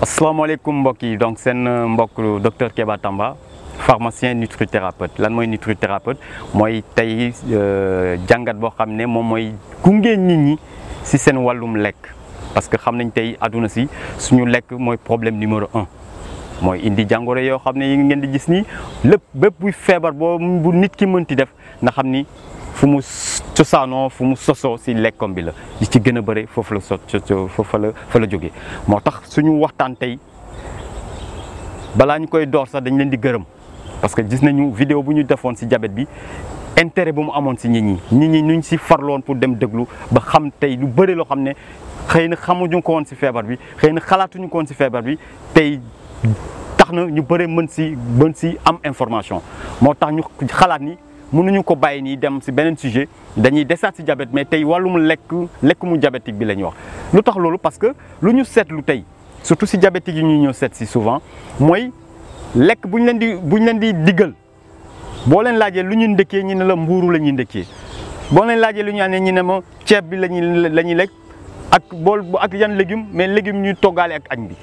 asalaamaaleykum mbokk yi donc seen euh, mbokk docteur Keba Tamba pharmacien nutrithérapeute lan mooy nutrithérapeute mooy tey euh, jàngat boo xam ne moom mooy gunge nit ñi si seen wàllum lekk parce que xam nañ tey àdduna si suñu lekk mooy problème numéro un mooy indi jàngoro yoo xam ne yi ngeen di gis nii lépp bépp buy feebar boo nit ki mënti def nga xam ni fu mu cosaanoo fu mu sosoo si lekkom bi la li ci gën a bëri foofu la sot fa la fa la jógee moo tax suñu waxtaan tey balaa ñu koy door sax dañ leen di gërëm parce que gis nañu vidéo bu ñu defoon si jabet bi intérêt bu mu amoon si nit ñi nit ñi nuñ si farloon pour dem déglu ba xam tey lu bëri loo xam ne xëy na xamuñu ko si feebar bi xëy na xalaatuñu ko si feebar bi tey tax na ñu bëri mën si mën si am information moo tax ñu xalaat ni ñu ko bàyyi nii dem si beneen sujet dañuy desaat si diabète mais tey wàllum lekk lekk mu diabétique bi la ñuy wax. lu tax loolu parce que lu ñu seetlu tey surtout si diabétique yi ñuy ñëw seet si souvent mooy lekk bu ñu leen di bu leen di diggal boo leen laajee lu ñu ndëkkee ñu ne la mbuuru la ñuy ndëkkee boo leen laajee lu ñu àndee ñu ne ma ceeb bi la ñuy la ñuy lekk ak boo ak yan légume mais légume ñuy toggaale ak añ bi.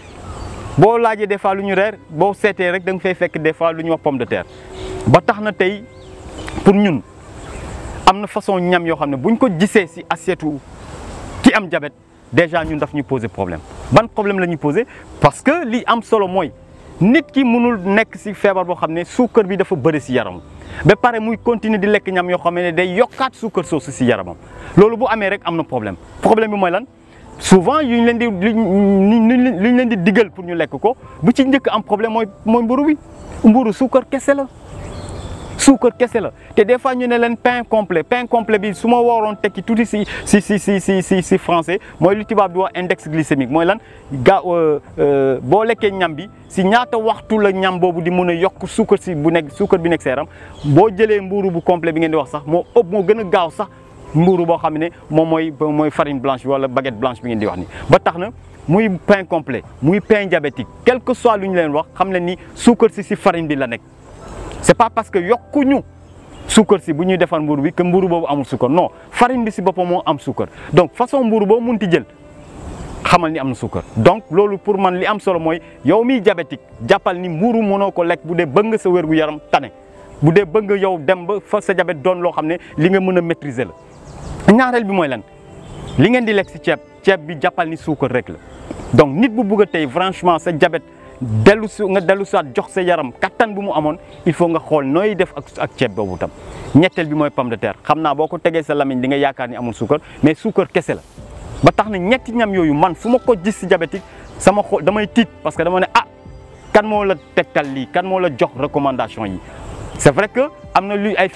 boo laajee des fois lu ñu reer boo seetee rek da fay fekk des fois lu ñuy wax de terre pour ñun am na façon ñam yoo xam ne buñ ko jisee si assiette ki am jabet déjà ñun daf ñu poser problème ban problème la ñuy parce que li am solo mooy nit ki mënul nekk si feebar boo xam ne suukar bi dafa bëri si yaram ba pare muy continuer di lekk ñam yoo xam ne day yokkaat suukar soosu si yaramam loolu bu amee rek am na problème problème bi mooy lan souvent yu ñu leen di lu leen di digal pour ñu lekk ko bu ci njëkk am problème mooy mooy mburu bi mburu suukar kese la. suukar kese la te des fois ñu ne leen pain complet pain complet bi su ma waroon tekki tuuti si si si si si si si français mooy lu tubaab di wax index glycémique mooy lan ga euh, euh, boo lekkee ñam bi si ñaata waxtu la ñam boobu di mun a yokk suukar si bu nekk suukar bi nekk sa yaram boo jëlee mbuuru bu complet bi ngeen di wax sax moo ëpp moo gën a gaaw sax mbuuru boo xam ne moom mooy mooy farine blanche bi wala baguette blanche bi ngeen di wax nii ba tax na muy pain complet muy pain diabétique quel que soit lu ñu leen wax xam leen ni suukar si si farine bi la nekk. c'est pas parce que ñu suukar si bu ñuy defar mburu bi que mburu boobu amul suukar non farine bi si boppam moo am suukar donc façon mburu boobu munti jël xamal ni am na suukar donc loolu pour man li am solo mooy yow mi diabétique jàppal ni mburu mënoo ko lekk bu dee bëgg nga sa wér gu yaram tane bu dee bëgg nga yow dem ba fa sa jabet doon loo xam ne li nga mën a maîtriser la ñaareel bi mooy lan li ngeen di lekk si ceeb ceeb bi jàppal ni suukar rek la donc nit bu sa diabète dellu su nga dellu saat jox sa yaram kattan bu mu amoon il faut nga xool nooy def ak ak ceeb boobu tam ñetteel bi mooy pomme de terre xam naa boo ko tegee sa lamiñ di nga yaakaar ni amul suukar mais suukar kese la ba tax na ñetti ñam yooyu man fu ma ko gis si diabétique sama xool damay tiit parce que dama ne ah kan moo la tegtal lii kan moo la jox recommandation yi c'est vrai que am na luy ay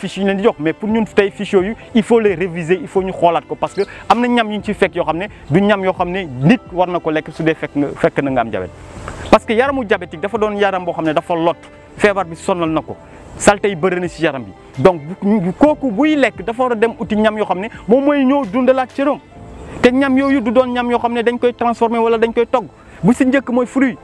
jox mais pour tey fiches yooyu il faut les réviser xoolaat ko parce que am na ñam yu ci fekk yoo xam ne du ñam yoo xam ne nit war na ko lekk su dee fekk nga fekk na nga am diabète parce que yaramu diabétique dafa doon yaram boo xam ne dafa lot feebar bi sonal na ko salte yi bëri na si yaram bi donc bu kooku buy lekk dafa war a dem uti ñam yoo xam ne moom mooy ñëw dundalaat cëram te ñam yooyu du doon ñam yoo xam ne dañ koy transformé wala dañ koy togg bu si njëkk mooy fruit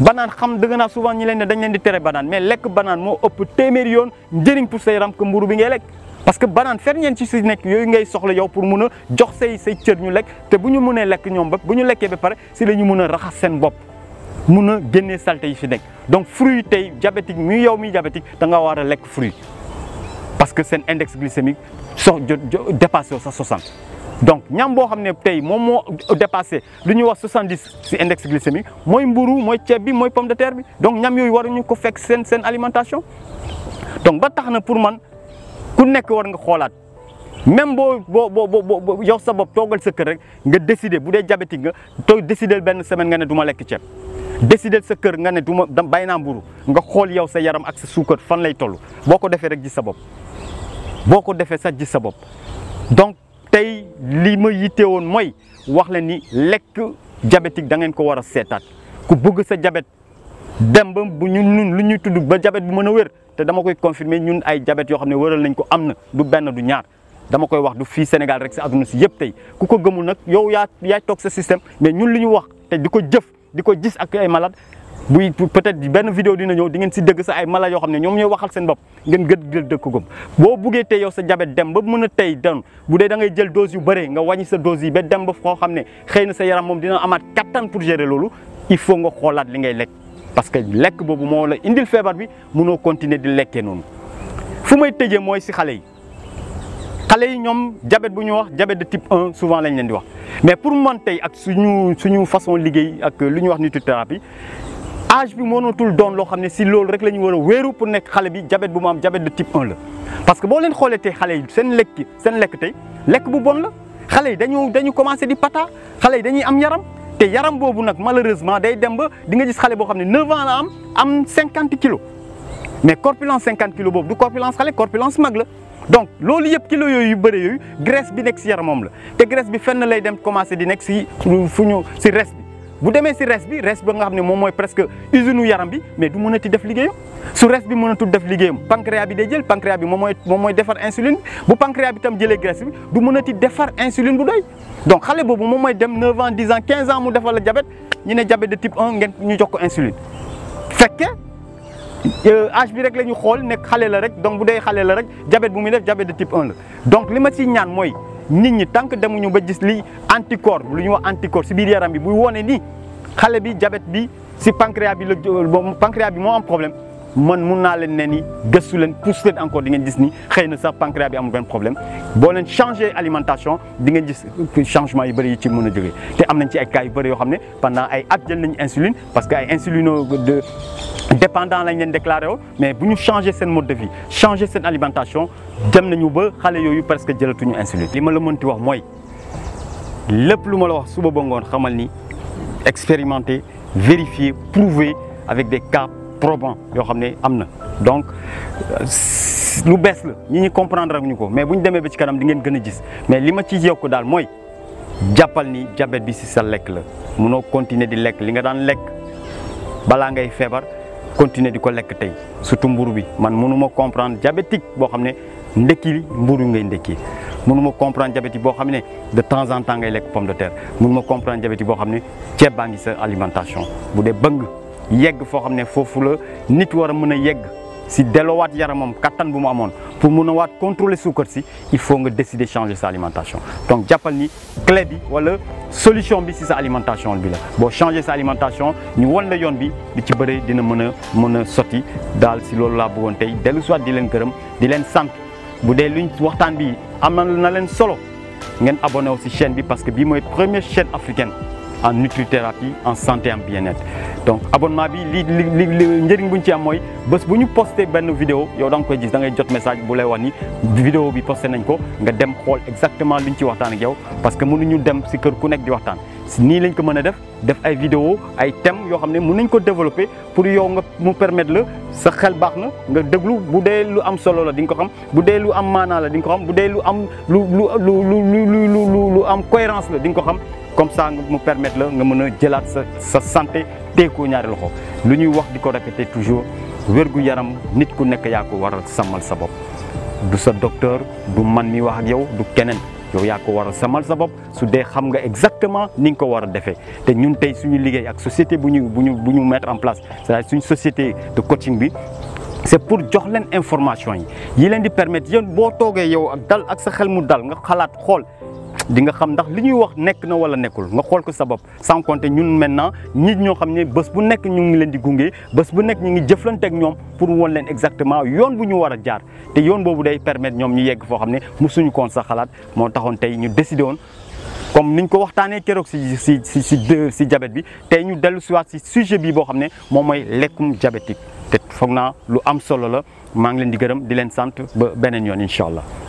banaan xam dëgg naa souvent ñi leen ne dañ leen di tere banaan mais lekk banaan moo ëpp téeméeri yoon njëriñ pour sa yaram que bi ngay lekk. parce que banaan ferñeent ci si nekk yooyu ngay soxla yow pour mun a jox say say cër ñu lekk te bu ñu mënee lekk ñoom ba bu ñu lekkee ba pare si la ñu mun a raxas seen bopp. mun a génne saleté yi si nekk donc fruit tey diabétique mi yow mi diabétique da nga war a lekk fruit parce que seen index glycémique so dépassé wu sa 60 donc ñam boo xam ne tey moom moo dépassé lu ñuy wax 70 si index glycémique mooy mburu mooy ceeb bi mooy pomme de terre bi donc ñam yooyu war ñu ko fekk seen seen alimentation donc ba tax na pour man ku nekk war nga xoolaat même boo boo boo boo yow sa bopp toogal sa kër rek nga décider bu dee nga toog décider benn semaine nga ne du lekk ceeb. décider sa kër nga ne du ma bay naa mburu nga xool yow sa yaram ak sa suukar fan lay toll boo ko defee rek ji sa bopp boo ko defee sax ji sa bopp donc tey lii ma yitte woon mooy wax la ni lekk diabétique da ngeen ko war a seetaat ku bëgg sa jabet dem ba bu ñun ñun lu ñuy tudd ba jabet bu mën a wér te dama koy confirmer ñun ay jabet yoo xam ne wëral nañ ko am na du benn du ñaar dama koy wax du fii Sénégal rek si àdduna si yëpp tey ku ko gëmul nag yow yaa yaay toog sa système mais ñun ñu wax di ko jëf di ko jis ak ay malade buy peut-être benn vidéo dina ñëw di si dëgg sa ay malade yoo xam ne ñoom ñooy waxal seen bopp ngeen gën gël dëkk ko boo buggee tey yow sa jabet dem ba mën a tey doon bu dee da ngay jël dose yu bëree nga wàññi sa dose yi ba dem ba foo xam ne xëy na sa yaram moom dina amaat kattan pour gérer loolu il faut nga xoolaat li ngay lekk parce que lekk boobu moo la indil feebar bi munoo continuer di lekkee noonu fu may tëjee mooy si xale yi xale yi ñoom jabet bu ñu wax jabet de type 1 souvent lañ leen di wax mais pour man tey ak suñu suñu façon liggéey ak lu ñuy wax nutrithérapie âge bi mënatul doon loo xam ne si loolu rek la ñu war a wéeru pour nekk xale bi diabète bu mu am jabet de type 1 la. parce que boo leen xoolee tey xale yi seen lekk seen lekk tey lekk bu bon la xale yi dañu dañu commencé di pata xale yi dañuy am yaram te yaram boobu nag malheureusement day dem ba di nga gis xale boo xam ne 9 ans la am am 50 kilos mais corpulence 50 kilos boobu du corpulence xale corpulence mag donc loolu yëpp kilo yooyu yu bëri yooyu graisse bi nekk si yaramam la te graisse bi fenn lay dem commencé di nekk si fu ñu si res bi bu demee si res bi res ba nga xam ne moom mooy presque usine yaram bi mais du mënati def liggéeyam su res bi mënatul def liggéeyam pancréas bi day jël pancréas bi moom mooy moom mooy defar insuline bu pancréas bi tam jëlee graisse bi du mënati defar insuline bu doy donc xale boobu moom mooy dem 9 ans 10 ans 15 ans mu defal la diabète ñu ne diabète de type 1 jox ko insuline fekke âge euh, bi rek la ñu xool nekk xale la rek donc bu dee xale la rek jabet bu muy def diabète de type 1 la donc li ma ciy ñaan mooy nit ñi tant que demuñu ba gis li anticorps lu ñuy wax anticorps si biir yaram bi buy wone ni xale bi jabet bi si pancréas bi la euh, pancréas bi moo am problème man mun naa leen ne ni gëstu leen pousse leen encore di ngeen gis ni xëy na sax pancréas bi amul benn problème boo leen changé alimentation di ngeen gis changement yu bëri yi ci mun a jógee te am nañ ci ay cas yu yoo xam ne pendant ay at jël nañ insuline parce que ay insulino de dépendant lañ leen déclaré woon mais bu ñu changé seen mode de vie changé seen alimentation dem nañu ba xale yooyu presque jëlatuñu insuline. li ma la mënti wax mooy lépp lu ma la wax suba ba ngoon xamal ni expérimenter vérifier prouver avec des cas. probant yoo xam ne am na donc lu bees la ñi ñi comprendre ak ñu ko mais bu ñu demee ba ci kanam di ngeen gën a gis mais li ma ci yokk daal mooy jàppal ni jabet bi si sa lekk la munoo continuer di lekk li nga daan lekk balaa ngay feebar continuer di ko lekk tey surtout mburu bi man mënuma comprendre diabétique boo xam ne ndekki li mburu ngay ndekki mënuma comprendre diabétique boo xam ne de temps en temps ngay lekk pomme de terre mënuma comprendre diabétique boo xam ne ceeb baa ngi sa alimentation bu dee bëng yegg foo xam ne foofu la nit war a mën a yegg si delloowaat yaramam kattan bu mu amoon pour mun a waat contrôler suukar si il faut nga décider changer sa alimentation donc jàppal ni clé bi wala solution bi si sa alimentation bi la boo changer sa alimentation ñu wan la yoon bi li ci bëre dina mën a mën a sotti daal si loolu laa bëggoon tey dellu soit di leen gërëm di leen sant bu dee luñ waxtaan bi am na leen solo ngeen abonné wu si chaîne parce que bii mooy première chaîne en nutrithérapie en santé am bien-être donc abonnement bi lii li njëriñ bu ñu ci am mooy bés bu ñu posté benn vidéo yow da nga koy gis da ngay jot message bu lay wax ni vidéo bi posté nañ ko nga dem xool exactement liñ ci waxtaan ak yow parce que mënuñu dem si kër ku nekk di waxtaan nii lañ ko mën a def def ay vidéo ay thèmes yoo xam ne mën nañ ko développer pour yow nga mu permettre la sa xel baax na nga déglu bu dee lu am solo la di nga ko xam bu dee lu am maanaa la di nga ko xam bu dee lu am lu lu lu lu lu lu am cohérence la di nga ko xam comme ça mu permettre la nga mën a jëlaat sa sa santé teekoo ñaari loxo lu ñuy wax di ko répéter toujours wér-gu-yaram nit ku nekk yaa ko waral sàmmal sa bopp du sa docteur du man mi wax ak yow du keneen yow yaa ko war a samal sa bopp su dee xam nga exactement ni nga ko war a defee te ñun tey suñu liggéey ak société bu ñu bu ñu bu ñu mettre en place cest à société de coaching bi c'est pour jox leen information yi yi leen di permettre yéen boo toogee yow ak dal ak sa xel mu dal nga xalaat xool di nga xam ndax li ñuy wax nekk na wala nekkul nga xool ko sa bopp sans compter ñun maintenant nit ñoo xam ne bés bu nekk ñu ngi leen di gunge bés bu nekk ñu ngi jëflanteeg ñoom pour won leen exactement yoon bu ñu war a jaar te yoon boobu day permettre ñoom ñu yegg foo xam ne mosuñu koon sa xalaat moo taxoon tey ñu décidé woon comme niñ ko waxtaanee keroog si si si si si diabète bi tey ñu dellu si si sujet bi boo xam ne moom mooy lekkum diabétique te foog naa lu am solo la maa ngi leen di gërëm di leen sant ba beneen yoon incha allah